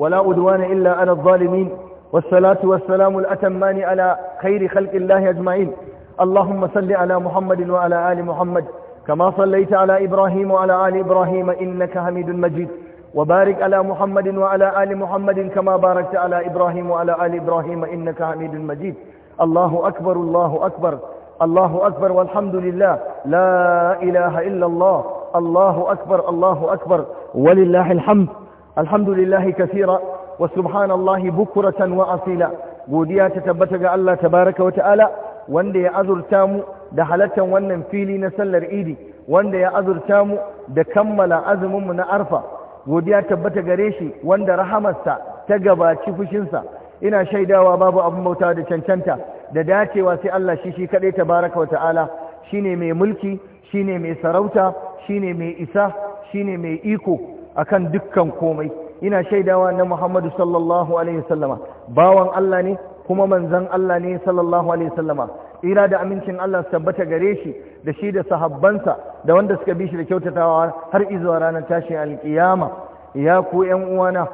ولا أدوان إلا على الظالمين والصلاة والسلام الأتمان على خير خلق الله أجمعين اللهم صل على محمد وعلى آل محمد كما صليت على إبراهيم وعلى آل إبراهيم إنك حميد مجيد وبارك على محمد وعلى آل محمد كما باركت على إبراهيم وعلى آل إبراهيم إنك حميد مجيد الله أكبر الله أكبر الله أكبر والحمد لله لا إله إلا الله الله أكبر الله أكبر ولله الحمد Alhamdu الحمد لله كثيرا وسبحان الله بكرة وأصيلا godiya ta tabbata ga Allah tabaraka wa ta'ala wanda ya azurta mu da halattar wannan fili na sallar idi wanda ya azurta mu da kammala azuminmu na arfa godiya tabbata gare shi wanda rahamarsa ta gabaci fushinsa ina shaidawa babu abin bauta da cancanta da dacewa sai Allah shi shi kaɗai tabaraka wa ta'ala shine mai mulki shine mai sarauta shine mai isa shine mai iko akan dukkan komai ina shaidawa na Muhammadu sallallahu alaihi sallama. bawan Allah ne kuma manzan Allah ne sallallahu alaihi ira da amincin Allah su tabbata gare shi da shi da sahabbansa da wanda suka bi shi da kyautatawa har izuwa ranar tashin alkiyama ya ku yan uwana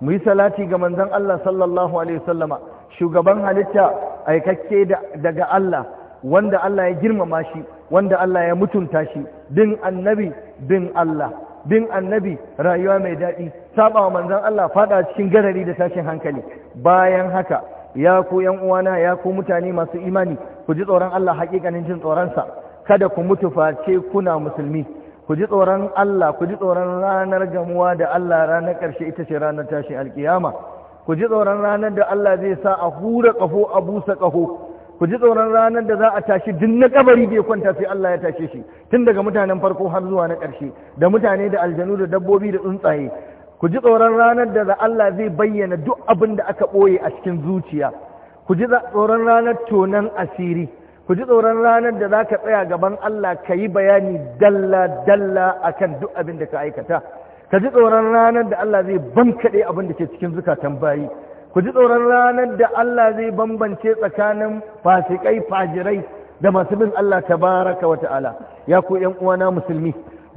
mu yi salati ga manzon Allah sallallahu alaihi shugaban halitta aikakke daga Allah wanda Allah ya girmama shi wanda Allah ya mutunta shi din annabi bin Allah bin annabi rayuwa mai daɗi saba wa manzon Allah fada cikin gadari da tashin hankali bayan haka ya ku yan uwana ya ku mutane masu imani ku ji tsoron Allah hakikanin jin tsoronsa kada ku mutu face kuna musulmi ku ji tsoron Allah ku ji tsoron ranar gamuwa da Allah ranar ƙarshe ita ce ranar tashin alkiyama ku ji tsoron ranar da Allah zai sa a hura ƙaho a busa ƙaho ku ji tsoron ranar da za a tashi duk na kabari bai kwanta sai Allah ya tashe shi tun daga mutanen farko har zuwa na ƙarshe da mutane da aljanu da dabbobi da tsuntsaye ku ji tsoron ranar da za Allah zai bayyana duk abin da aka ɓoye a cikin zuciya ku ji tsoron ranar tonan asiri ku ji tsoron ranar da za ka tsaya gaban Allah ka yi bayani dalla dalla akan duk abin da ka aikata ka ji tsoron ranar da Allah zai bankaɗe abin da ke cikin zukatan bayi ku ji tsoron ranar da Allah zai bambance tsakanin fasikai fajirai da masu bin Allah tabaraka wa ta'ala ya ku yan uwana musulmi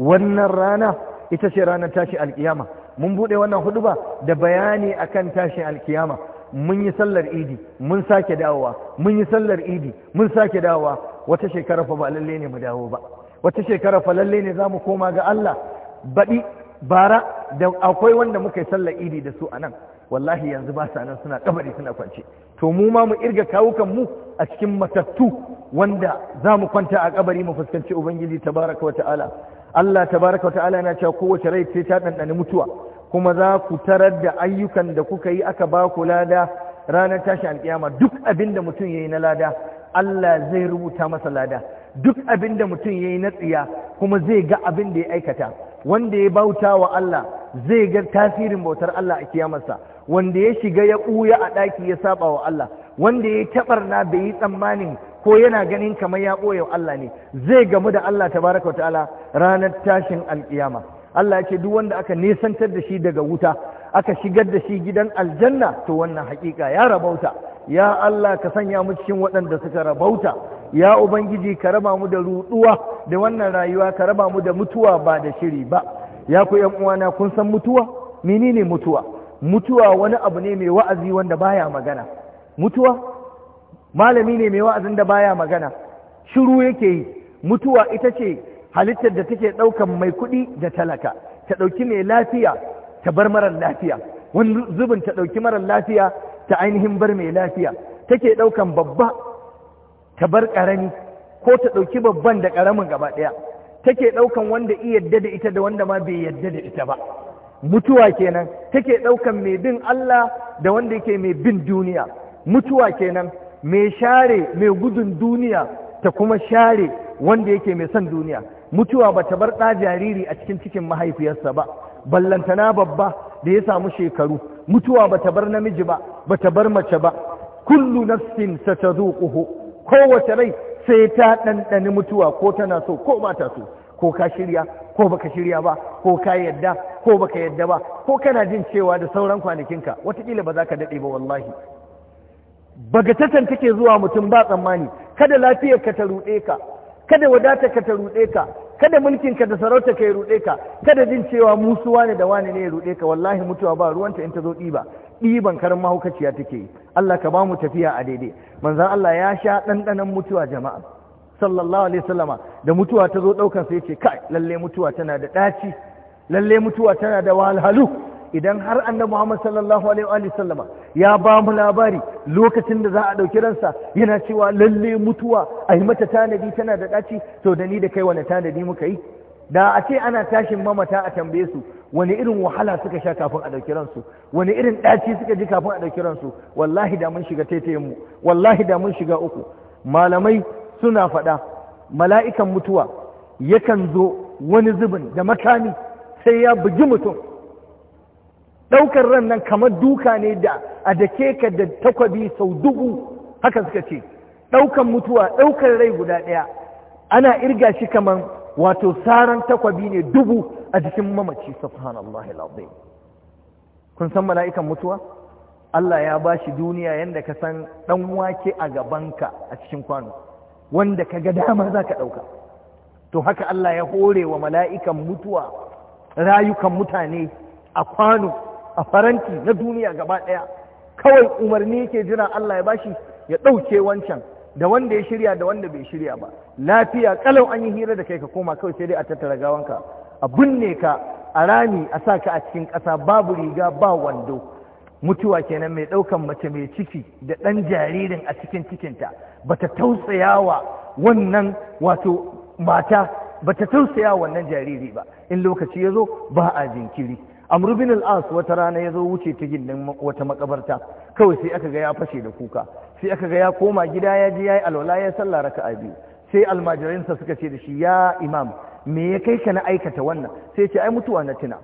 wannan rana ita ce ranar tashi alkiyama mun bude wannan huduba da bayani akan tashin alkiyama mun yi sallar idi mun sake dawowa mun yi sallar idi mun sake dawowa wata shekara fa ba lalle ne mu dawo ba wata shekara fa lalle ne zamu koma ga Allah baɗi bara da akwai wanda muka yi sallar idi da su anan wallahi yanzu ba sa nan suna kabari suna kwance to mu ma mu irga kawukan mu a cikin matattu wanda za mu kwanta a kabari mu fuskanci ubangiji tabaraka wa ta'ala Allah tabaraka wa ta'ala yana cewa kowace rai sai ta dandane mutuwa kuma za ku tarar da ayyukan da kuka yi aka ba ku lada ranar tashi alkiyama duk abin da mutum yayi na lada Allah zai rubuta masa lada duk abin da mutum yayi na tsiya kuma zai ga abin da ya aikata wanda ya bauta wa Allah zai ga tasirin bautar Allah a kiyamarsa wanda ya shiga ya ɓuya a ɗaki ya saba wa Allah wanda ya taɓarna bai yi tsammanin ko yana ganin kamar ya ɓoye wa Allah ne zai gamu da Allah ta baraka ta'ala ranar tashin alƙiyama Allah ya ce duk wanda aka nisantar da shi daga wuta aka shigar da shi gidan aljanna to wannan haƙiƙa ya rabauta ya Allah ka sanya mu cikin waɗanda suka rabauta ya ubangiji ka raba mu da ruduwa da wannan rayuwa ka raba mu da mutuwa ba da shiri ba ya ku yan uwana kun san mutuwa menene mutuwa mutuwa wani abu ne mai wa'azi wanda baya magana mutuwa malami ne mai wa'azin da baya magana shiru yake yi mutuwa ita ce halittar da take ɗaukan mai kuɗi da talaka ta ɗauki mai lafiya ta bar marar lafiya wani zubin ta ɗauki marar lafiya ta ainihin bar mai lafiya take ɗaukan babba ta bar ƙarami ko ta ɗauki babban da ƙaramin gaba ɗaya take ɗaukan wanda iya yadda da ita da wanda ma bai yadda da ita ba mutuwa kenan take ɗaukan mai bin Allah da wanda yake mai bin duniya mutuwa kenan mai share mai gudun duniya ta kuma share wanda yake mai son duniya mutuwa ba ta bar ɗa jariri a cikin cikin mahaifiyarsa ba ballantana babba da ya samu shekaru mutuwa ba ta bar namiji ba ba ta bar mace ba kullu nafsin satazuquhu kowace rai sai ta ɗanɗani mutuwa ko tana so ko ba ta so ko ka shirya ko baka shirya ba ko ka yadda ko baka yadda ba ko kana jin cewa da sauran kwanakinka wataƙila ba za ka daɗe ba wallahi bagatatan take zuwa mutum ba tsammani kada lafiyar ka ta ruɗe ka kada wadatar ka ta ruɗe ka kada mulkin ka da sarauta ka ya ruɗe ka kada jin cewa musuwa ne da wani ne ya ruɗe ka wallahi mutuwa ba ruwanta in ta zo ɗiba ɗiban karin mahaukaciya take Allah ka ba mu tafiya a daidai manzan Allah ya sha ɗanɗanon mutuwa jama'a sallallahu alaihi sallama. da mutuwa ta zo ɗaukan sai ce kai lalle mutuwa tana da ɗaci lalle mutuwa tana da wahalhalu idan har annabi Muhammad sallallahu alaihi sallama ya ba mu labari lokacin da za a ɗauki ransa yana cewa lalle mutuwa a yi mata tanadi tana da ɗaci to da ni da kai wani tanadi muka yi da a ce ana tashin mamata a tambaye su wani irin wahala suka sha kafin a ɗauki ransu wani irin ɗaci suka ji kafin a ɗauki ransu wallahi da mun shiga taitayenmu wallahi da mun shiga uku malamai suna faɗa mala'ikan mutuwa yakan zo wani zubin da makami sai ya bugi mutum ɗaukar ran nan kamar duka ne da a dake da takwabi sau dubu haka suka ce ɗaukan mutuwa ɗaukar rai guda ɗaya ana irga shi kamar wato saran takwabi ne dubu a jikin mamaci subhanallahi alazim kun san mala'ikan mutuwa Allah ya ba shi duniya yadda ka san ɗan wake a gabanka a cikin kwano wanda ka ga dama za ka ɗauka to haka Allah ya hore wa mala'ikan mutuwa rayukan mutane a kwano a faranti na duniya gaba ɗaya kawai umarni yake jira Allah ya bashi ya ɗauke wancan da wanda ya shirya da wanda bai shirya ba lafiya kalau an yi hira da kai ka koma kawai sai dai a tattara gawanka a binne ka a rami a sa ka a cikin ƙasa babu riga ba wando mutuwa kenan mai ɗaukan mace mai ciki da ɗan jaririn a cikin cikinta bata tausaya wa wannan wato mata bata tausaya wa wannan jariri ba in lokaci ya zo ba a jinkiri amru bin al-as wata rana ya zo wuce ta gindin wata makabarta kawai sai aka ga ya fashe da kuka sai aka ga ya koma gida ya je ya yi alwala ya sallah a biyu sai almajiransa suka ce da shi ya imam me ya kai ka na aikata wannan sai ce ai mutuwa na tuna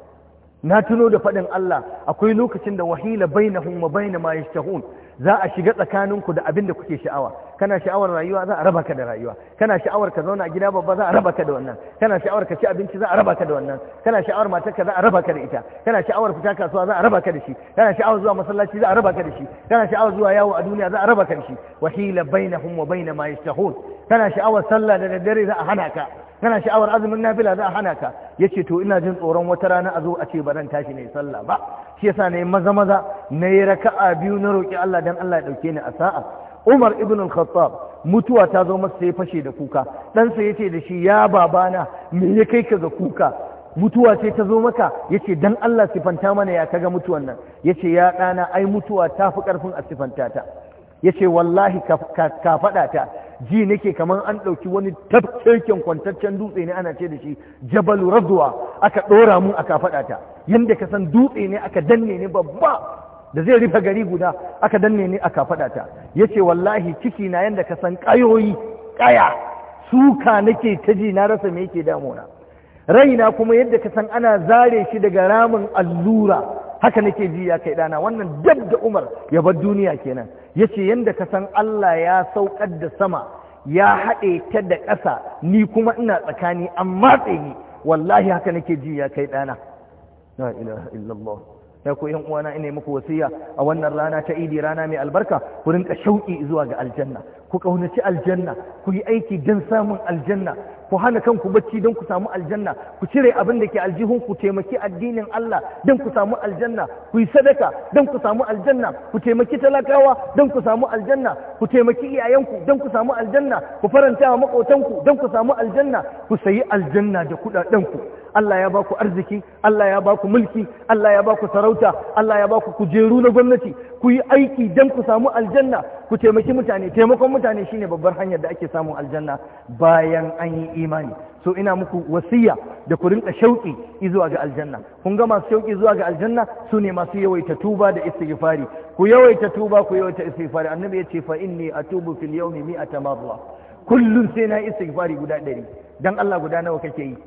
na tuno da faɗin Allah akwai lokacin da wahila bainahum wa bain ma yashtahun za a shiga tsakaninku da abin da kuke sha'awa kana sha'awar rayuwa za a raba ka da rayuwa kana sha'awar ka zauna a gida babba za a raba ka da wannan kana sha'awar ka ci abinci za a raba ka da wannan kana sha'awar matar ka za a raba ka da ita kana sha'awar fita kasuwa za a raba ka da shi kana sha'awar zuwa masallaci za a raba ka da shi kana sha'awar zuwa yawo a duniya za a raba ka da shi wahila hila bainahum wa bain ma yashtahun kana sha'awar sallah da daddare za a hana ka kana sha'awar azumin nafila za a hana ka yace to ina jin tsoron wata rana a zo a ce ba zan tashi ne sallah ba shi yasa yi maza maza na yi raka'a biyu na roƙi Allah dan Allah ya ɗauke ni a sa'a Umar ibn al-Khattab mutuwa ta zo masa ya fashe da kuka ɗansa ya ce da shi ya babana me ya kai ka ga kuka mutuwa ce ta zo maka ya ce dan Allah sifanta mana ya kaga mutuwan nan ya ce ya ɗana ai mutuwa ta fi ƙarfin a sifanta ta ya ce wallahi ka faɗa ta ji nake kamar an ɗauki wani tafkeken kwantaccen dutse ne ana ce da shi jabalu razuwa aka ɗora mun aka faɗa ta yadda ka san dutse ne aka danne ne babba da zai rufe gari guda aka danne ni aka faɗa ta yace wallahi ciki na yadda ka san ƙayoyi ƙaya suka nake ta ji na rasa me yake damuna raina kuma yadda ka san ana zare shi daga ramin allura haka nake ji ya kai dana wannan dab da Umar ya bar duniya kenan yace yadda ka san Allah ya saukar da sama ya haɗe ta da ƙasa ni kuma ina tsakani amma tsaye wallahi haka nake ji ya kai dana la ilaha illallah ya ko yan uwana ina muku wasiya a wannan rana ta idi rana mai albarka ku rinka shauki zuwa ga aljanna ku kaunaci aljanna ku yi aiki don samun aljanna ku hana kanku bacci don ku samu aljanna ku cire abin da ke aljihun ku taimaki addinin Allah don ku samu aljanna ku yi sadaka don ku samu aljanna ku taimaki talakawa don ku samu aljanna ku taimaki iyayenku don ku samu aljanna ku faranta wa makotanku don ku samu aljanna ku sayi aljanna da kudaden ku Allah ya baku arziki Allah ya baku mulki Allah ya baku sarauta Allah ya baku kujeru na gwamnati ku yi aiki don ku samu aljanna ku taimaki mutane taimakon mutane shine babbar hanyar da ake samun aljanna bayan an yi imani so ina muku wasiya da ku rinka shauƙi zuwa ga aljanna kun ga masu shauƙi zuwa ga aljanna su ne masu yawaita tuba da istighfari ku yawaita tuba ku yawaita istighfari annabi ya ce fa inni atubu fil yawmi mi'ata marra kullun sai na istighfari guda ɗari dan Allah guda nawa kake yi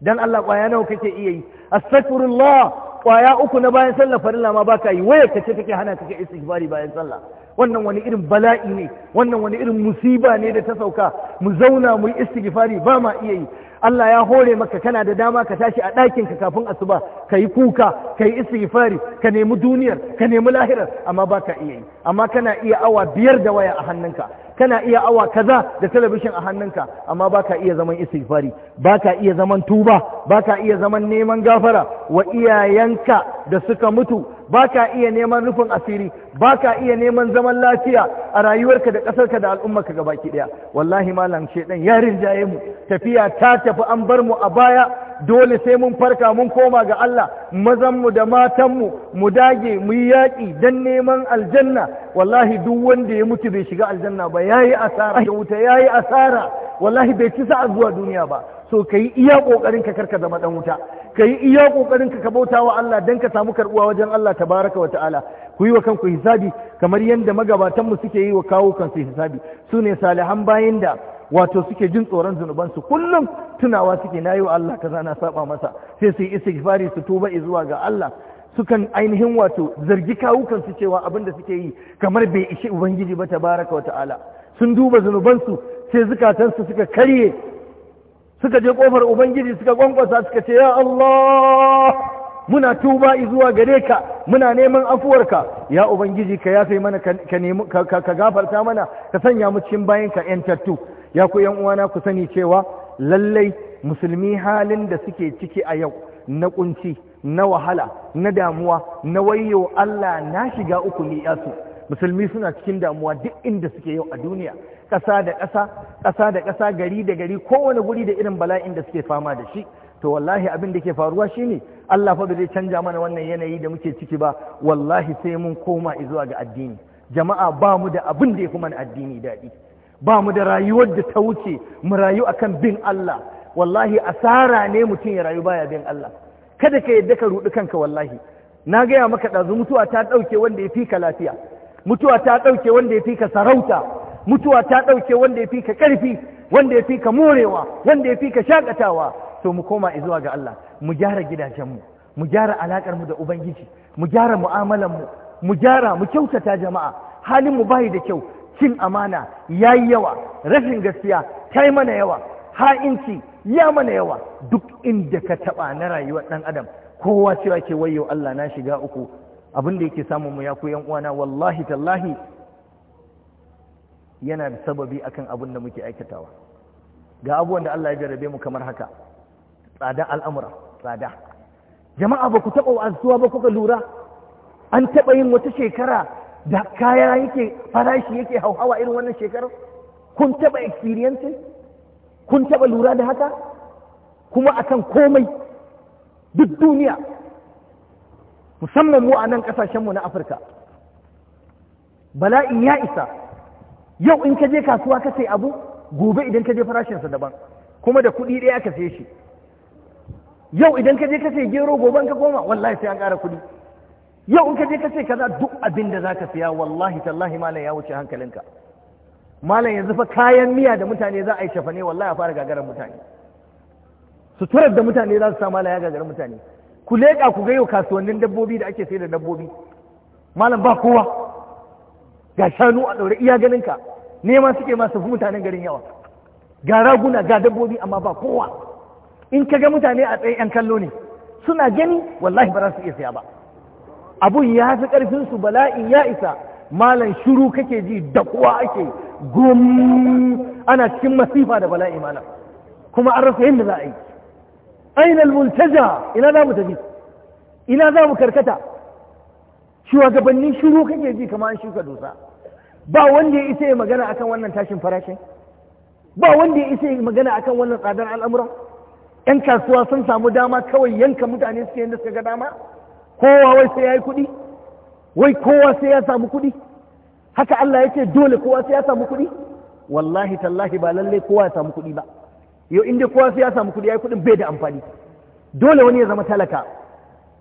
dan Allah kwaya nawa kake iya yi astaghfirullah kwaya uku na bayan sallah farilla ma baka yi waya kace kake hana kake istighfari bayan sallah wannan wani irin bala'i ne wannan wani irin musiba ne da ta sauka mu zauna mu yi istighfari ba ma iya yi Allah ya hore maka kana da dama ka tashi a ɗakin ka kafin asuba ka yi kuka ka yi istighfari ka nemi duniyar ka nemi lahirar amma ba ka iya yi amma kana iya awa biyar da waya a hannunka kana iya awa kaza da talabishin a hannunka amma baka iya zaman istighfari baka iya zaman tuba baka iya zaman neman gafara wa iyayenka da suka mutu baka iya neman rufin asiri baka iya neman zaman lafiya a rayuwarka da ƙasarka da al'ummarka gabaki ɗaya wallahi malam shedan ya rinjaye mu tafiya ta tafi an bar mu a baya dole sai mun farka mun koma ga Allah mazanmu da matanmu mu dage mu yi yaƙi don neman aljanna wallahi duk wanda ya mutu bai shiga aljanna ba yayi asara da wuta yayi asara wallahi bai ci sa'a zuwa duniya ba so ka yi iya ƙoƙarin ka karka zama ɗan wuta ka yi iya ƙoƙarin ka ka bauta wa Allah don ka samu karbuwa wajen Allah tabaraka wa ta'ala ku yi wa kanku hisabi kamar yadda magabatanmu suke yi wa kawo kansu hisabi su ne salihan bayan da wato suke jin tsoron zunubansu kullum tunawa suke na yi wa Allah kaza na saba masa sai su yi istighfari su tuba zuwa ga Allah sukan ainihin wato zargi kawukan su cewa abin da suke yi kamar bai ishe ubangiji ba tabaraka wa ta'ala sun duba zunubansu sai zukatansu suka karye suka je kofar ubangiji suka kwankwasa suka ce ya Allah muna tuba zuwa gare ka muna neman ka ya ubangiji ka yafe mana ka gafarta mana ka sanya mu cikin bayan yan tattu ya ku yan uwana ku sani cewa lallai musulmi halin da suke ciki a yau na kunci na wahala na damuwa na wayo Allah na shiga uku ne yasu musulmi suna cikin damuwa duk inda suke yau a duniya ƙasa da kasa, ƙasa da kasa gari da gari kowane guri da irin bala'in da suke fama da shi to wallahi abin da ke faruwa shine Allah fa zai canja mana wannan yanayi da muke ciki ba wallahi sai mun koma zuwa ga addini jama'a ba mu da abin da ya fi mana addini daɗi ba mu da rayuwar da ta wuce mu rayu akan bin Allah wallahi asara ne mutum ya rayu baya bin Allah kada ka yadda ka rudi kanka wallahi na gaya maka ɗazu mutuwa ta ɗauke wanda ya fi ka lafiya mutuwa ta ɗauke wanda ya fi ka sarauta mutuwa ta ɗauke wanda ya fi ka ƙarfi wanda ya fi ka morewa wanda ya fi ka shakatawa to mu koma zuwa ga Allah mu gyara gidajenmu mu gyara alakar mu da ubangiji mu gyara mu'amalar mu mu gyara mu kyautata jama'a halin mu bai da kyau cin amana ya yi yawa rashin gaskiya ta yi mana yawa ha'inci ya mana yawa duk inda ka taɓa na rayuwar ɗan adam kowa cewa ke wayo Allah na shiga uku abin da yake samun mu ya ku yan uwana wallahi tallahi yana da sababi akan abin da muke aikatawa ga abubuwan da Allah ya jarrabe mu kamar haka tsada al'amura tsada jama'a ba ku taɓa wa'azuwa ba kuka lura an taɓa yin wata shekara da kaya yake farashi yake hauhawa irin wannan shekarar kun taɓa experience kun taɓa lura da haka kuma akan komai duk duniya musamman mu a nan ƙasashenmu na afirka bala'i ya isa yau in ka je kasuwa ka sai abu gobe idan ka je farashinsa daban kuma da kuɗi ɗaya ka sai shi yau idan ka je ka sai gero goben ka koma wallahi sai an ƙara kuɗi yau in ka je ka ce kaza duk abin da zaka siya wallahi tallahi malam ya wuce hankalinka malam yanzu fa kayan miya da mutane za a yi shafane wallahi a fara gagarar mutane suturar da mutane za su sa malam ya gagarar mutane ku leƙa ku ga yau kasuwannin dabbobi da ake sayar da dabbobi malam ba kowa ga shanu a ɗaure iya ganin ka nema suke masu fi mutanen garin yawa ga raguna ga dabbobi amma ba kowa in ka ga mutane a tsaye 'yan kallo ne suna gani wallahi ba za su iya siya ba abun ya fi ƙarfinsu bala'in ya isa malam shiru kake ji da kuwa ake gum ana cikin masifa da bala'i malam kuma an rasa yadda za a yi aina almuntaja ina za mu tafi ina za mu karkata shugabannin shiru kake ji kama an shuka dusa ba wanda ya isa ya magana akan wannan tashin farashin ba wanda ya isa ya magana akan wannan tsadar al'amuran, 'yan kasuwa sun samu dama kawai yanka mutane suke yadda suka ga dama kowa wai sai ya yi kuɗi wai kowa sai ya samu kuɗi haka Allah ya ce dole kowa sai ya samu kuɗi wallahi tallahi ba lalle kowa ya samu kuɗi ba yau inda kowa sai ya samu kuɗi ya yi kuɗin bai da amfani dole wani ya zama talaka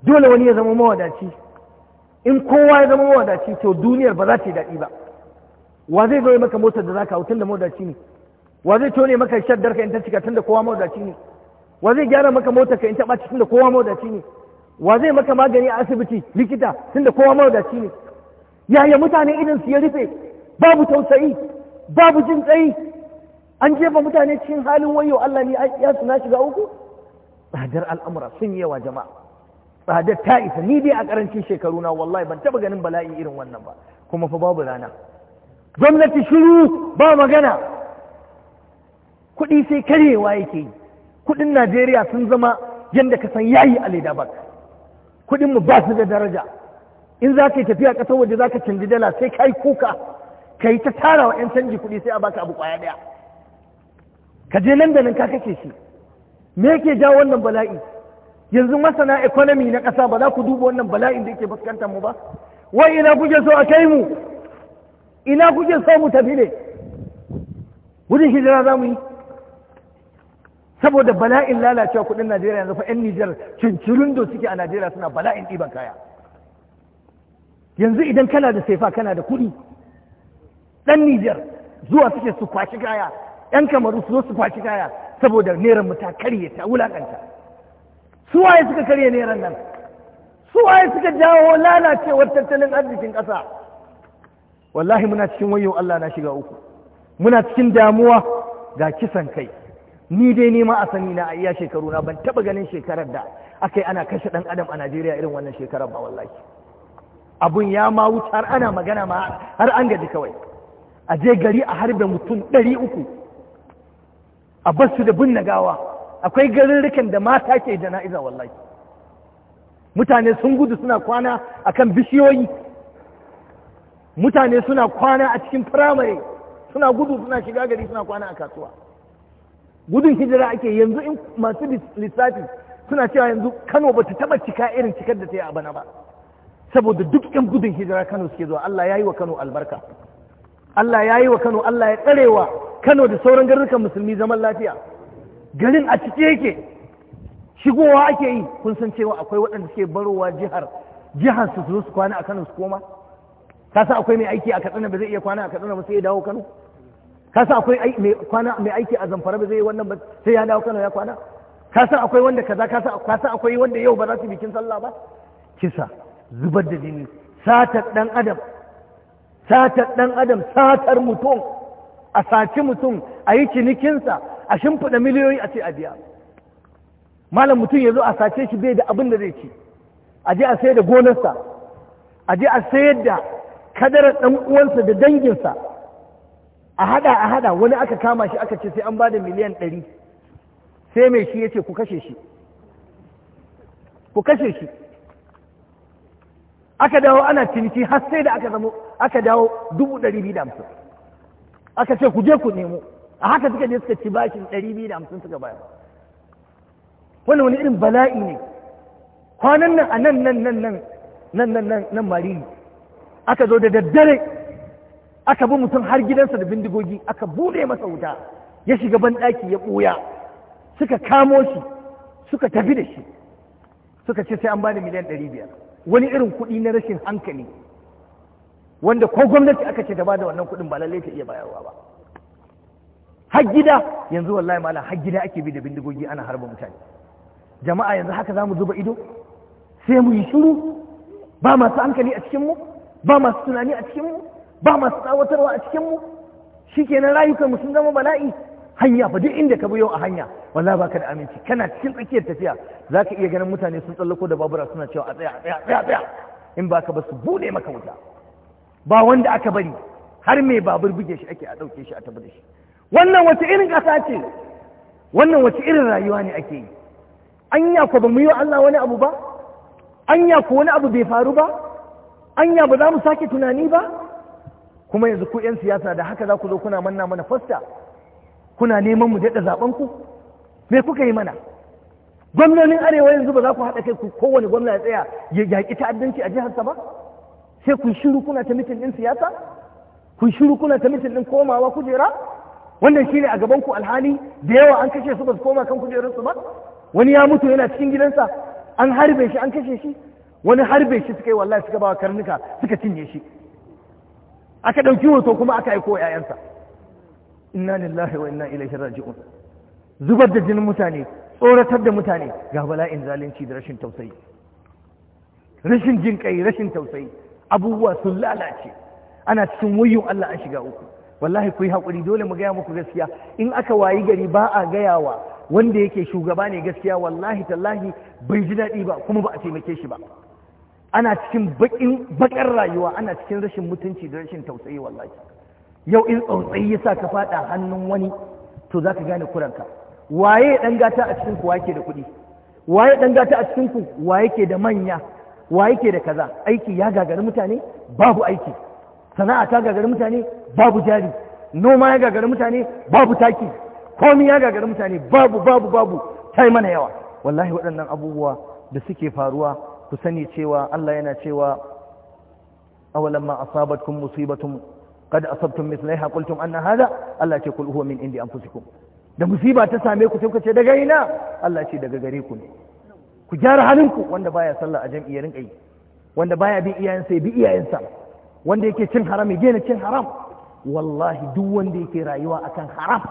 dole wani ya zama mawadaci in kowa ya zama mawadaci to duniyar ba za ta yi daɗi ba wa zai zo maka motar da za ka hau da mawadaci ne wa zai tone maka shaddar ka in ta cika tun da kowa mawadaci ne wa zai gyara maka motar ka in ta ɓaci tun da kowa mawadaci ne wa zai maka magani a asibiti likita tunda kowa mawadaci ne yaya mutane idan su ya rufe babu tausayi babu jin tsayi an jefa mutane cikin halin wayo Allah ne ya suna shiga uku tsadar al'amura sun yawa jama'a tsadar ta isa ni dai a karancin shekaru na wallahi ban taba ganin bala'i irin wannan ba kuma fa babu rana gwamnati shiru ba magana kuɗi sai karyewa yake yi kuɗin Najeriya sun zama yadda ka san yayi a Ledabak kuɗin mu ba su da daraja in za ka yi tafiya ƙasar waje za ka canji dala sai ka yi kuka ka yi ta tara wa 'yan canji kuɗi sai a baka abu ƙwaya ɗaya ka je nan da nan ka kake shi me yake jawo wannan bala'i yanzu masana economy na ƙasa ba za ku duba wannan bala'in da yake fuskantar mu ba wai ina kuke so a kai mu ina kuke so mu tafi ne gudun hijira za mu yi saboda bala'in lalacewa kudin najeriya yanzu fa 'yan nijar cincirin da suke a najeriya suna bala'in ɗiban kaya yanzu idan kana da saifa kana da kuɗi ɗan nijar zuwa suke su kwashi kaya 'yan kamaru su zo su kwashi kaya saboda neran mu ta karye ta wulakanta su waye suka karye neran nan su waye suka jawo lalacewar tattalin arzikin ƙasa wallahi muna cikin wayo allah na shiga uku muna cikin damuwa ga kisan kai ni dai nema a sani na a iya shekaru na ban taba ganin shekarar da aka yi ana kashe ɗan adam a najeriya irin wannan shekarar ba wallahi abun ya ma wuce har ana magana ma har an gaji kawai a je gari a harbe mutum ɗari uku a basu da bin gawa akwai garin da mata ke jana'iza wallahi mutane sun gudu suna kwana akan bishiyoyi mutane suna kwana a cikin firamare suna gudu suna shiga gari suna kwana a kasuwa gudun hijira ake yanzu in masu lissafi suna cewa yanzu kano ba ta taba cika irin cikar da ta yi a bana ba saboda duk yan gudun hijira kano suke zuwa allah ya yi wa kano albarka allah ya yi wa kano allah ya tsarewa kano da sauran garurukan musulmi zaman lafiya garin a cike yake shigowa ake yi kun san cewa akwai waɗanda suke barowa jihar jihar su zo su kwana a kano su koma ka san akwai mai aiki a katsina ba zai iya kwana a katsina ba sai ya dawo kano kasa akwai kwana mai aiki a zamfara ba zai yi wannan ba sai ya dawo Kano ya kwana kasa akwai wanda kaza kasa akwai wanda yau ba za su bikin sallah ba kisa zubar da jini satar dan adam satar dan adam satar mutum a saci mutum a yi cinikinsa a shimfiɗa miliyoyi a ce a biya malam mutum ya zo a sace shi bai da abin da zai ci a je a sayar da gonarsa a je a sayar da kadarar ɗan uwansa da danginsa a hada a hada wani aka kama shi aka ce sai an ba da miliyan ɗari sai mai shi ya ce ku kashe shi ku kashe shi aka dawo ana ciniki har sai da aka zamo aka dawo dubu ɗari biyu da hamsin aka ce ku je ku nemo a haka suka je suka ci bashin ɗari biyu da hamsin suka bayar wani wani irin bala'i ne kwanan nan a nan nan nan nan nan nan nan mariri aka zo da daddare aka bi mutum har gidansa da bindigogi aka bude masa wuta ya shiga banɗaki ya buya suka kamo shi suka tafi da shi suka ce sai an bani miliyan ɗari biyar wani irin kuɗi na rashin hankali wanda ko gwamnati aka ce ta bada wannan kuɗin ba lallai ta iya bayarwa ba har gida yanzu wallahi mala har gida ake bi da bindigogi ana harba mutane jama'a yanzu haka za mu zuba ido sai mu yi shiru ba masu hankali a cikinmu ba masu tunani a cikinmu ba masu tsawatarwa a cikin mu shikenan rayukan mu sun zama bala'i hanya fa duk inda ka bi yau a hanya wallahi baka da aminci kana cikin tsakiyar tafiya zaka iya ganin mutane sun tsallako da babura suna cewa a tsaya tsaya tsaya tsaya in baka ba su bude maka wuta ba wanda aka bari har me babur buge shi ake a dauke shi a tabbata shi wannan wace irin ƙasa ce wannan wace irin rayuwa ne ake yi anya ko ba mu yi Allah wani abu ba anya ko wani abu bai faru ba anya ba za mu sake tunani ba kuma yanzu ku 'yan siyasa da haka za ku zo kuna manna mana fasta kuna neman mu daɗa zaben ku me kuka yi mana gwamnonin arewa yanzu ba za ku haɗa kai ku kowane gwamna ya tsaya ya yaƙi ta'addanci a jiharsa ba sai ku shiru kuna ta mitin ɗin siyasa ku shiru kuna ta mitin ɗin komawa kujera wannan shine a gaban ku alhali da yawa an kashe su ba su koma kan su ba wani ya mutu yana cikin gidansa an harbe shi an kashe shi wani harbe shi suka yi wallahi suka bawa karnuka suka cinye shi aka ɗauki hoto kuma aka aiko ‘ya'yansa inna lillahi wa inna ilaihi raji'un zubar da jinin mutane tsoratar da mutane ga bala'in zalunci da rashin tausayi rashin jin kai rashin tausayi abubuwa sun lalace ana cikin wayyun Allah an shiga uku wallahi ku yi haƙuri dole mu gaya muku gaskiya in aka wayi gari ba a gaya wa wanda yake shugaba ne gaskiya wallahi tallahi bai ji daɗi ba kuma ba a taimake shi ba ana cikin baƙin bakar rayuwa ana cikin rashin mutunci da rashin tausayi wallahi yau in tsautsayi yasa ka faɗa hannun wani to zaka gane kuranka waye dan gata a cikin ku ke da kuɗi waye dan gata a cikin ku waye ke da manya waye ke da kaza aiki ya gagari mutane babu aiki sana'a ta gagari mutane babu jari noma ya gagari mutane babu taki komi ya gagari mutane babu babu babu tai mana yawa wallahi waɗannan abubuwa da suke faruwa ku sani cewa Allah yana cewa awalan ma asabatkum musibatum qad asabtum mithlaiha qultum anna hada Allah ce kul huwa min indi anfusikum da musiba ta same ku sai ku ce daga ina Allah ce daga gare ku ne ku gyara halinku wanda baya sallah a jam'iyyar rinka yi wanda baya bi iyayensa ya bi iyayensa wanda yake cin haram ya cin haram wallahi duk wanda yake rayuwa akan haram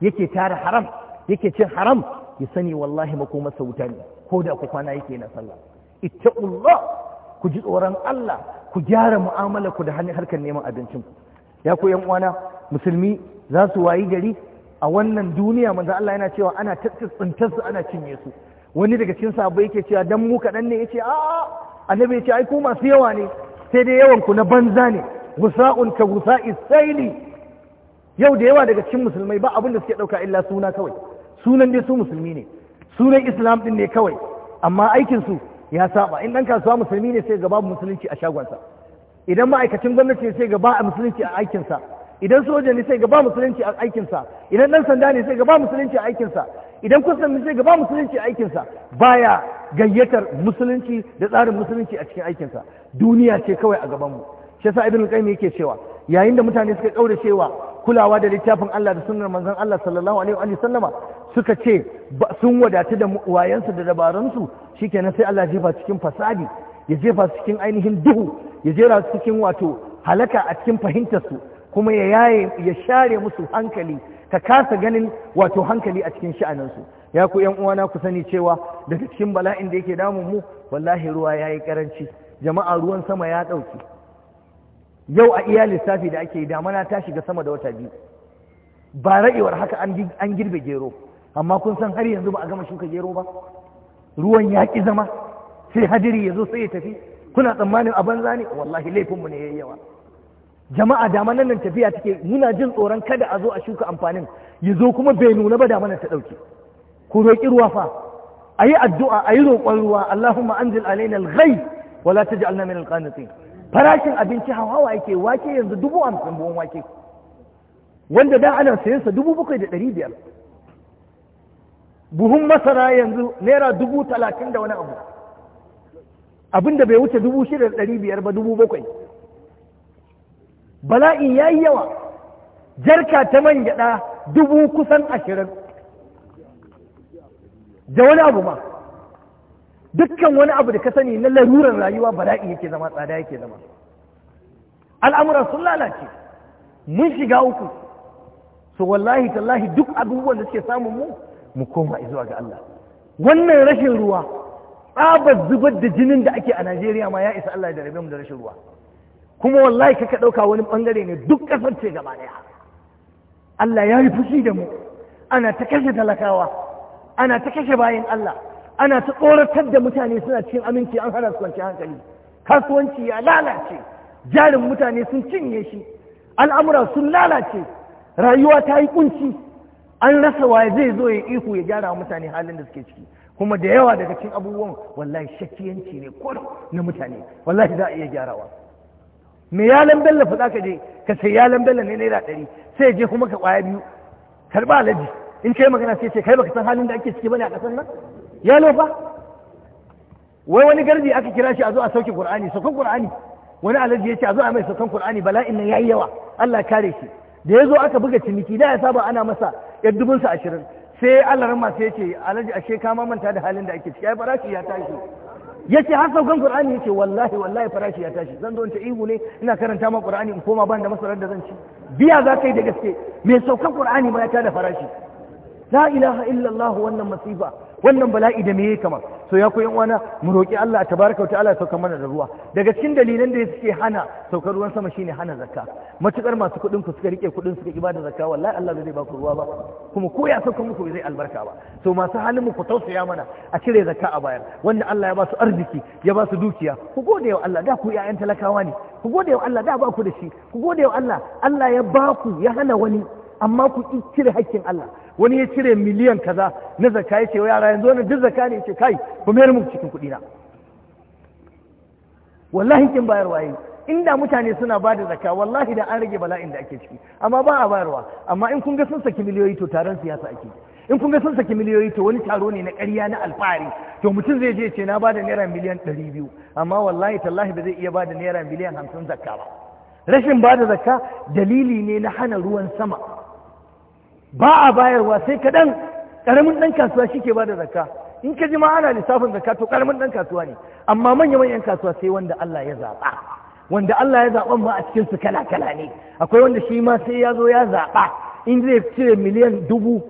yake tara haram yake cin haram ya sani wallahi makomarsa wuta ne ko da ku kwana yake na sallah ittaqullah ku ji tsoron Allah ku gyara mu'amalar ku da harkar neman abincin ku ya ku yan uwana musulmi za su wayi gari a wannan duniya manzo Allah yana cewa ana tsintar su ana cinye su wani daga cikin sabo yake cewa dan mu kadan ne yace a annabi yace ai ku masu yawa ne sai dai yawan ku na banza ne gusa'un ka gusa'i saili yau da yawa daga cikin musulmai ba abin da suke dauka illa suna kawai sunan dai su musulmi ne sunan islam din ne kawai amma aikin su ya saba in dan kasuwa musulmi ne sai ga babu musulunci a shagonsa idan ma'aikacin gwamnati ne sai ga ba a musulunci a aikinsa idan soja ne sai ga ba musulunci a aikinsa idan dan sanda ne sai ga ba musulunci a aikinsa idan kusan ne sai ga ba musulunci a aikinsa baya gayyatar musulunci da tsarin musulunci a cikin aikinsa duniya ce kawai a gabanmu shi yasa ibn qayyim yake cewa yayin da mutane suka kaura cewa kulawa da littafin Allah da sunnar manzon Allah sallallahu alaihi wa sallama suka ce sun wadatu da wayansu da dabarunsu shikenan sai Allah jefa cikin fasadi ya jefa su cikin ainihin duhu ya jera su cikin wato halaka a cikin fahimtar su kuma ya yaye ya share musu hankali ka kasa ganin wato hankali a cikin su ya ku yan uwana ku sani cewa daga cikin bala'in da yake damun mu wallahi ruwa yayi karanci jama'a ruwan sama ya dauki yau a iya lissafi da ake damana ta shiga sama da wata biyu ba raɗewar haka an girbe gero amma kun san har yanzu ba a gama shuka gero ba ruwan ya ƙi zama sai hadiri ya zo sai ya tafi kuna tsammanin a banza ne wallahi laifinmu ne yi yawa jama'a damanan nan tafiya take muna jin tsoron kada a zo a shuka amfanin ya zo kuma bai nuna ba mana ta ɗauke ku roƙi ruwa fa a yi addu'a a yi roƙon ruwa allahumma anzil alaina al wala taj'alna min al-qanitin farashin abinci hawa yake wake yanzu dubu hamsin buwan wake wanda da ana sayansa dubu bakwai da ɗari biyar buhun masara yanzu naira dubu talatin da wani abu abin da bai wuce dubu shida da ɗari biyar ba dubu bakwai Bala'i ya yi yawa jarka ta man gyaɗa dubu kusan ashirin da wani abu ma dukkan wani abu da ka sani na larurar rayuwa bala'i yake zama tsada yake zama al'amura sun lalace mun shiga uku so wallahi tallahi duk abubuwan da suke samun mu mu koma zuwa ga Allah wannan rashin ruwa tsabar zubar da jinin da ake a Najeriya ma ya isa Allah da rabe mu da rashin ruwa kuma wallahi kaka ɗauka wani bangare ne duk ƙasar ce gaba ɗaya Allah ya yi fushi da mu ana ta kashe talakawa ana ta kashe bayan Allah ana ta tsoratar da mutane suna cikin aminci an hana su kwanci hankali kasuwanci ya lalace jarin mutane sun cinye shi al'amura sun lalace rayuwa ta yi kunci an rasa waye zai zo ya ihu ya gyara wa mutane halin da suke ciki kuma da yawa daga cikin abubuwan wallahi shakiyanci ne ko na mutane wallahi za a iya gyarawa me yalan bello fa zaka je ka sai yalan bello ne naira ɗari sai je kuma ka kwaya biyu karba alaji in kai magana sai ce kai baka san halin da ake ciki bane a ƙasar nan ya lofa wai wani garbi aka kira shi a zo a sauke qur'ani saukan qur'ani wani alaji ya ce a zo a mai saukan qur'ani bala'in nan yayi yawa Allah kare shi da ya zo aka buga ciniki da ya saba ana masa yar dubun sa ashirin sai Allah ran masu yace alaji ashe ka ma manta da halin da ake ciki ai farashi ya tashi yace har saukan qur'ani yace wallahi wallahi farashi ya tashi zan zo in ta ihu ne ina karanta ma qur'ani in koma ban da masarar da zan ci biya za ka yi da gaske mai saukan qur'ani ma ya tada farashi la ilaha illallah wannan masifa wannan bala'i da me yake kama so ya koyi wani mu roki Allah tabaraka ta'ala ya sauka mana da ruwa daga cikin dalilan da suke hana saukar ruwan sama shine hana zakka matukar masu kuɗin ku suka rike kuɗin suka ibada zakka wallahi Allah zai ba ku ruwa ba kuma ko ya sauka muku zai albarka ba so masu halin mu ku tausaya mana a cire zakka a bayar wanda Allah ya ba su arziki ya ba su dukiya ku gode wa Allah da ku ƴaƴan talakawa ne ku gode wa Allah da ba ku da shi ku gode wa Allah Allah ya ba ku ya hana wani amma ku cire hakkin Allah wani ya cire miliyan kaza na zakka yace ce wa yara yanzu wannan duk zakka ne ce kai ku mayar mu cikin kuɗi na wallahi kin bayarwa yayi inda mutane suna ba da zakka wallahi da an rage bala'in da ake ciki amma ba a bayarwa amma in kun ga sun saki miliyoyi to taron siyasa ake in kun ga sun saki miliyoyi to wani taro ne na ƙarya na alfahari to mutum zai je ce na ba da naira miliyan ɗari biyu amma wallahi tallahi ba zai iya ba da naira miliyan hamsin zakka ba rashin ba da zakka dalili ne na hana ruwan sama ba a bayarwa sai kaɗan ƙaramin ɗan kasuwa shi ke ba da zaka in ka ji ma ana lissafin zaka to ƙaramin ɗan kasuwa ne amma manya manyan kasuwa sai wanda Allah ya zaɓa wanda Allah ya zaɓa ma a cikin su kala kala ne akwai wanda shi ma sai ya zo ya zaɓa in zai cire miliyan dubu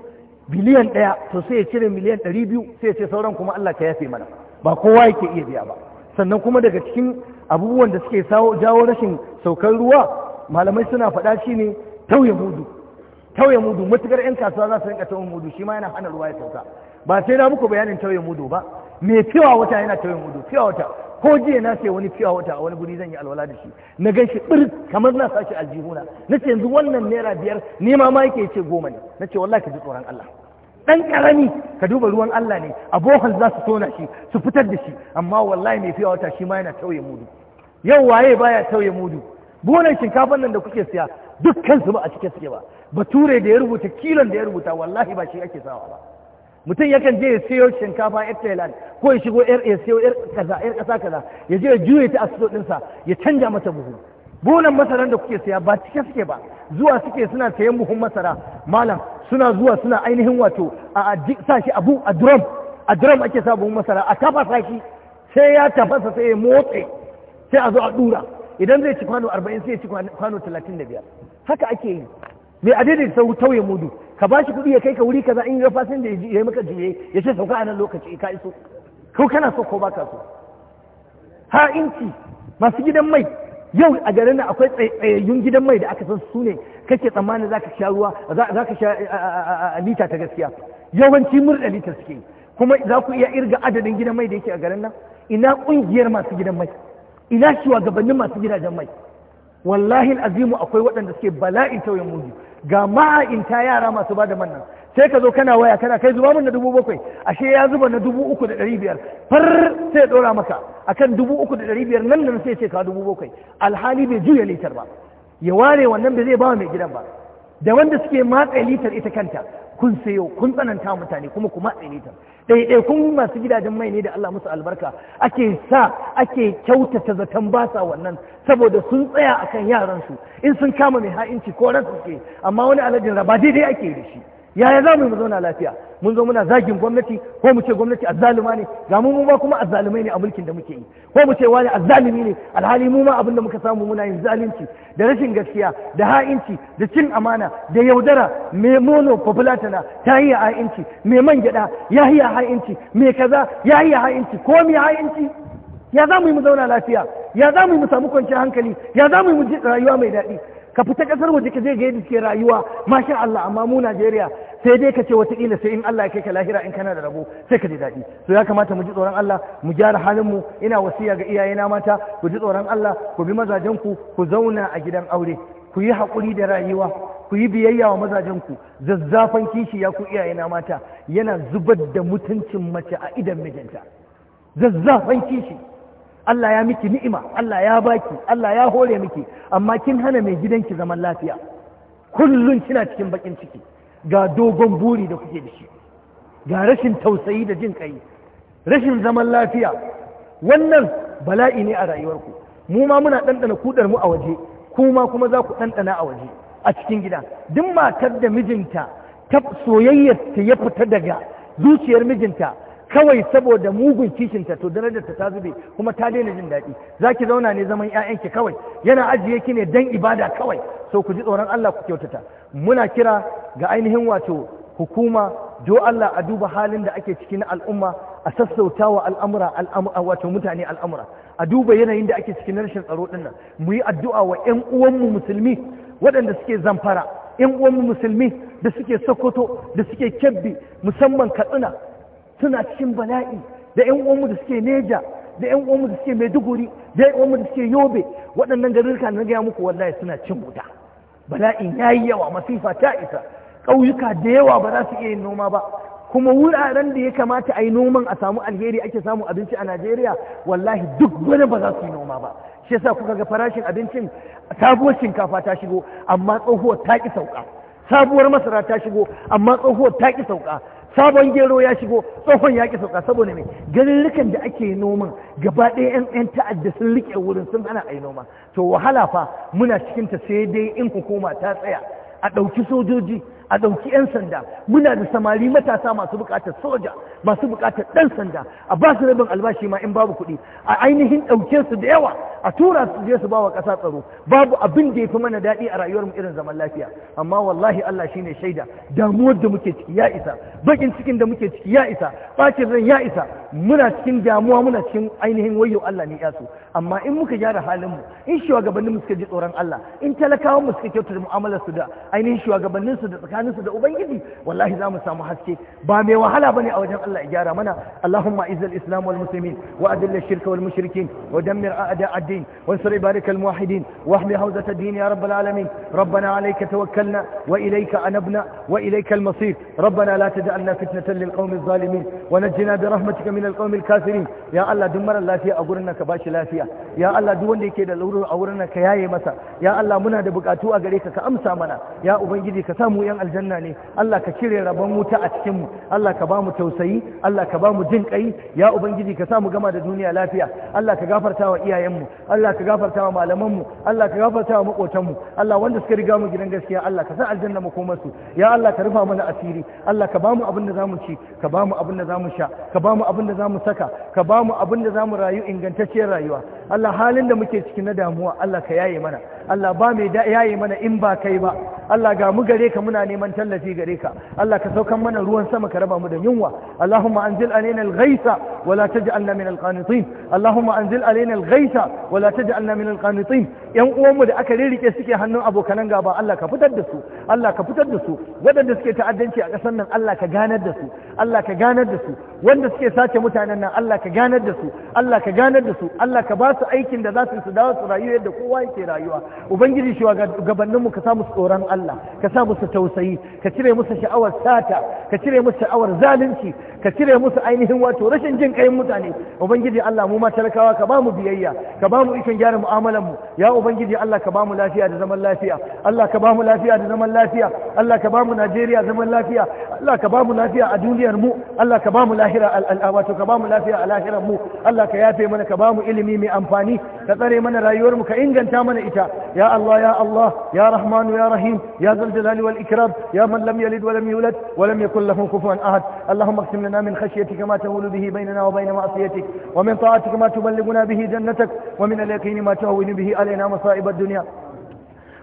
biliyan ɗaya to sai ya cire miliyan ɗari biyu sai ya ce sauran kuma Allah ka yafe mana ba kowa yake iya biya ba sannan kuma daga cikin abubuwan da suke jawo rashin saukar ruwa malamai suna faɗa shi ne tauye mudu tauye mudu matukar yan kasuwa za su rinka tauye mudu shi ma yana hana ruwa ya sauka ba sai na muku bayanin tauye mudu ba me fiwa wata yana tauye mudu fiwa wata ko jiya na sai wani fiwa wata a wani guri zan yi alwala da shi na gan shi bir kamar na sashi aljihuna na ce yanzu wannan naira biyar nema ma yake ce goma ne na ce wallahi ka ji tsoron Allah dan karami ka duba ruwan Allah ne abokan za su tona shi su fitar da shi amma wallahi mai fiwa wata shi ma yana tauye mudu yau waye baya tauye mudu bunan shinkafan nan da kuke siya dukkan su ba a cikin suke ba bature da ya rubuta kilon da ya rubuta wallahi ba shi ake sawa ba mutum yakan je ya siyo shinkafa yar thailand ko ya shigo yar ya siyo yar kaza yar kasa kaza ya je ya juye ta a sito dinsa ya canja mata buhu bunan masaran da kuke saya ba cike suke ba zuwa suke suna sayan buhun masara malam suna zuwa suna ainihin wato a sa shi abu a drum a drum ake sa buhun masara a tafasa shi sai ya tafasa sai ya motse sai a zo a dura idan zai ci kwano arba'in sai ya ci kwano talatin da biyar haka ake yi mai adadin sau tauye mudu ka ba shi kuɗi ya kai ka wuri kaza in ya fasin da ya yi maka juye ya ce sauka a nan lokaci ka iso ko kana so ko baka so ha inci masu gidan mai yau a garin nan akwai tsayayyun gidan mai da aka san su ne kake tsammanin za ka sha ruwa za ka sha lita ta gaskiya yawanci murda lita suke kuma za ku iya irga adadin gidan mai da yake a garin nan ina ƙungiyar masu gidan mai ina shugabannin masu gidajen mai wallahi azimu akwai waɗanda suke bala'in tauyen mudu ga ma'ainta yara masu ba da mannan sai ka zo kana waya kana kai zuba min na dubu bakwai ashe ya zuba na dubu uku da ɗari biyar far sai ɗora maka akan dubu uku da ɗari biyar nan nan sai ce ka dubu bakwai alhali bai juya litar ba ya ware wannan bai zai ba mai gidan ba da wanda suke matsa litar ita kanta kun sayo kun tsananta mutane kuma ku matsa litar ɗaiɗaikun masu gidajen mai ne da Allah musu albarka ake sa ake kyautata zaton basa wannan saboda sun tsaya akan yaransu in sun kama mai ha'inci ko ransu ke amma wani alajin raba daidai ake da shi yaya za mu yi mu zauna lafiya mun zo muna zagin gwamnati ko mu ce gwamnati azzaluma ne ga mu ma kuma azzalumai ne a mulkin da muke yi ko mu ce wani azzalumi ne alhali mu ma abin da muka samu muna yin zalunci da rashin gaskiya da ha'inci da cin amana da yaudara me mono populatana ta yi ha'inci me man gyada ya yi ha'inci me kaza ya yi ha'inci ko me ha'inci ya za mu yi mu zauna lafiya ya za mu yi mu samu kwanciyar hankali ya za mu yi mu rayuwa mai daɗi ka fita kasar waje ka je ga yadda suke rayuwa masha Allah amma mu Najeriya sai dai ka ce wata ila sai in Allah ya kai ka lahira in kana da rabo sai ka ji daɗi to ya kamata mu ji tsoron Allah mu gyara halin mu ina wasiya ga iyayena mata ku ji tsoron Allah ku bi mazajen ku ku zauna a gidan aure ku yi haƙuri da rayuwa ku yi biyayya wa mazajen ku zazzafan kishi ya ku iyayena mata yana zubar da mutuncin mace a idan mijinta zazzafan kishi Allah ya miki ni'ima Allah ya baki Allah ya hore miki amma kin hana mai gidanki zaman lafiya Kullum kina cikin bakin ciki ga dogon buri da kuke da shi ga rashin tausayi da jin kai rashin zaman lafiya wannan bala'i ne a rayuwarku mu ma muna ɗanɗana kudar mu a waje kuma kuma za ku ɗanɗana a waje a cikin gida duk matar da mijinta ta soyayyar ta ya fita daga zuciyar mijinta kawai saboda mugun kishinta to darajarta ta zube kuma ta daina jin daɗi za ki zauna ne zaman 'ya'yanki kawai yana ajiye ki ne don ibada kawai so ku ji tsoron Allah ku kyautata muna kira ga ainihin wato hukuma do Allah a duba halin da ake ciki na al'umma a sassauta wa al'amura wato mutane al'amura a duba yanayin da ake ciki na rashin tsaro ɗin nan mu yi addu'a wa 'yan uwanmu musulmi waɗanda suke zamfara 'yan uwanmu musulmi da suke sokoto da suke kebbi musamman katsina suna cikin bala'i da ƴan uwanmu da suke neja da ƴan uwanmu da suke maiduguri da ƴan uwanmu da suke yobe waɗannan garuruka na gaya muku wallahi suna cin wuta bala'in ya yi yawa masifa ta isa ƙauyuka da yawa ba za su iya yin noma ba kuma wuraren da ya kamata a yi noman a samu alheri ake samun abinci a najeriya wallahi duk wani ba za su yi noma ba shi yasa kuka ga farashin abincin sabuwar shinkafa ta shigo amma tsohuwar ta ƙi sauka sabuwar masara ta shigo amma tsohuwar ta ƙi sauka sabon gero ya shigo tsohon ya ƙi sauka saboda mai garurrukan da ake noman gaba ɗaya 'yan ta'adda sun riƙe wurin sun hana a yi noma to wahala fa muna cikinta sai dai in hukuma ta tsaya a ɗauki sojoji a ɗauki 'yan sanda muna da samari matasa masu buƙatar soja masu buƙatar ɗan sanda a ba su rabin albashi ma in babu kuɗi a ainihin ɗauke su da yawa a tura su je su ba wa ƙasa tsaro babu abin da ya fi mana daɗi a rayuwar mu irin zaman lafiya amma wallahi Allah shi ne shaida damuwar da muke ciki ya isa baƙin cikin da muke ciki ya isa bacin ran ya isa muna cikin damuwa muna cikin ainihin wayo Allah ne yasu amma in muka gyara halin mu in shugabannin mu suka ji tsoron Allah in talakawan mu suka kyautata mu'amalar su da ainihin shugabannin da tsakanin شانس ده أبيدي والله إذا مسامحك بامي وحلا بني أوجه الله إجارة منا اللهم إز الإسلام والمسلمين وأدل الشرك والمشركين ودمر أداء الدين وانصر بارك الموحدين واحمي حوزة الدين يا رب العالمين ربنا عليك توكلنا وإليك أنبنا وإليك المصير ربنا لا تجعلنا فتنة للقوم الظالمين ونجنا برحمتك من القوم الكافرين يا الله دمر الله في أقرنك باش لا فيها يا الله دوني كيدا لورو أورنك يا يمسا يا الله منا دبقاتو أغريك كأمسا منا يا أبنجدي كسامو ين aljanna ne Allah ka cire rabon wuta a cikin mu Allah ka bamu tausayi Allah ka bamu jin kai ya ubangiji ka samu gama da duniya lafiya Allah ka gafarta wa iyayenmu Allah ka gafarta wa mu Allah ka gafarta wa Allah wanda suka riga mu gidan gaskiya Allah ka sa aljanna mu koma su ya Allah ka rufa mana asiri Allah ka bamu abin da zamu ci ka mu abin da zamu sha ka mu abin da zamu saka ka bamu abin da zamu rayu ingantacciyar rayuwa Allah halin da muke ciki na damuwa Allah ka yaye mana Allah ba mai yaye mana in ba kai ba Allah ga mu gare ka muna neman tallafi gare ka Allah ka saukan mana ruwan sama ka raba mu da yunwa Allahumma anzil alaina al-ghaitha wa la taj'alna min al-qanitin Allahumma anzil alaina al-ghaitha wa la taj'alna min al-qanitin yan uwan mu da aka ririke suke hannun abokanan gaba Allah ka fitar da su Allah ka fitar da su waɗanda suke ta'addanci a ƙasar nan Allah ka ganar da su Allah ka ganar da su wanda suke sace mutanen nan Allah ka ganar da su Allah ka ganar da su Allah ka ba su su aikin da za su su dawo su rayu yadda kowa yake rayuwa ubangiji shi wa ka sa musu tsoron Allah ka sa musu tausayi ka cire musu sha'awar sata ka cire musu sha'awar zalunci ka cire musu ainihin wato rashin jin kayan mutane ubangiji Allah mu ma talakawa ka ba mu biyayya ka ba mu ikon gyara mu'amalan mu ya ubangiji Allah ka ba mu lafiya da zaman lafiya Allah ka ba mu lafiya da zaman lafiya Allah ka ba mu Najeriya zaman lafiya Allah ka ba mu lafiya a duniyar mu Allah ka ba mu lahira wato ka ba mu lafiya a lahirar mu Allah ka yafe mana ka ba mu ilimi mai amfani amfani ka tsare mana rayuwar mu ka inganta mana ita ya Allah ya Allah ya Rahman ya Rahim ya Zal Jalali wal Ikram ya man lam yalid wa lam yulad wa lam yakul lahu kufuwan ahad Allahumma qsim lana min khashyatika ma tahulu bihi bainana wa bain ma'siyatik wa min ta'atika ma tuballighuna bihi jannatak wa min al-yaqini ma tahwinu bihi alayna masa'ib ad-dunya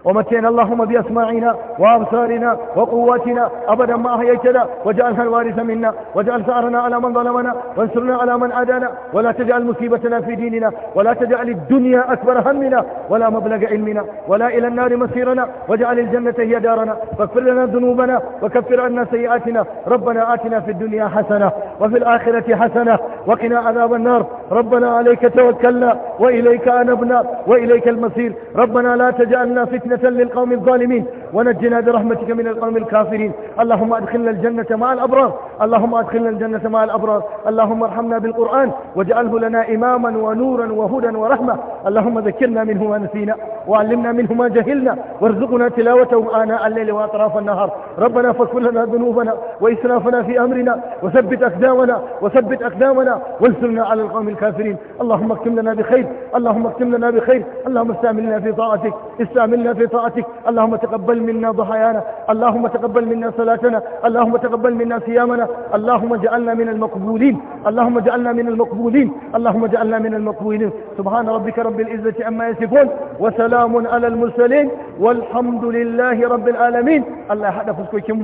ومتعنا اللهم بأسماعنا وأبصارنا وقواتنا أبدا ما أحييتنا واجعلها الوارث منا واجعل ثأرنا على من ظلمنا وانصرنا على من عادانا ولا تجعل مصيبتنا في ديننا ولا تجعل الدنيا أكبر همنا ولا مبلغ علمنا ولا إلى النار مصيرنا واجعل الجنة هي دارنا فاغفر لنا ذنوبنا وكفر عنا سيئاتنا ربنا آتنا في الدنيا حسنة وفي الآخرة حسنة وقنا عذاب النار ربنا عليك توكلنا وإليك أنبنا وإليك المصير ربنا لا تجعلنا فتنة فتنة للقوم الظالمين ونجنا برحمتك من القوم الكافرين اللهم أدخلنا الجنة مع الأبرار اللهم أدخلنا الجنة مع الأبرار اللهم ارحمنا بالقرآن واجعله لنا إماما ونورا وهدى ورحمة اللهم ذكرنا منه ما نسينا وعلمنا منه ما جهلنا وارزقنا تلاوته آناء الليل وأطراف النهار ربنا فاغفر لنا ذنوبنا وإسرافنا في أمرنا وثبت أقدامنا وثبت أقدامنا وانصرنا على القوم الكافرين اللهم اكتم لنا بخير اللهم اكتم لنا بخير اللهم استعملنا في طاعتك استعملنا في طاعتك اللهم تقبل تقبل منا ضحايانا اللهم تقبل منا صلاتنا اللهم تقبل منا صيامنا اللهم اجعلنا من المقبولين اللهم اجعلنا من المقبولين اللهم اجعلنا من المقبولين سبحان ربك رب العزة عما يصفون وسلام على المرسلين والحمد لله رب العالمين الله يحدث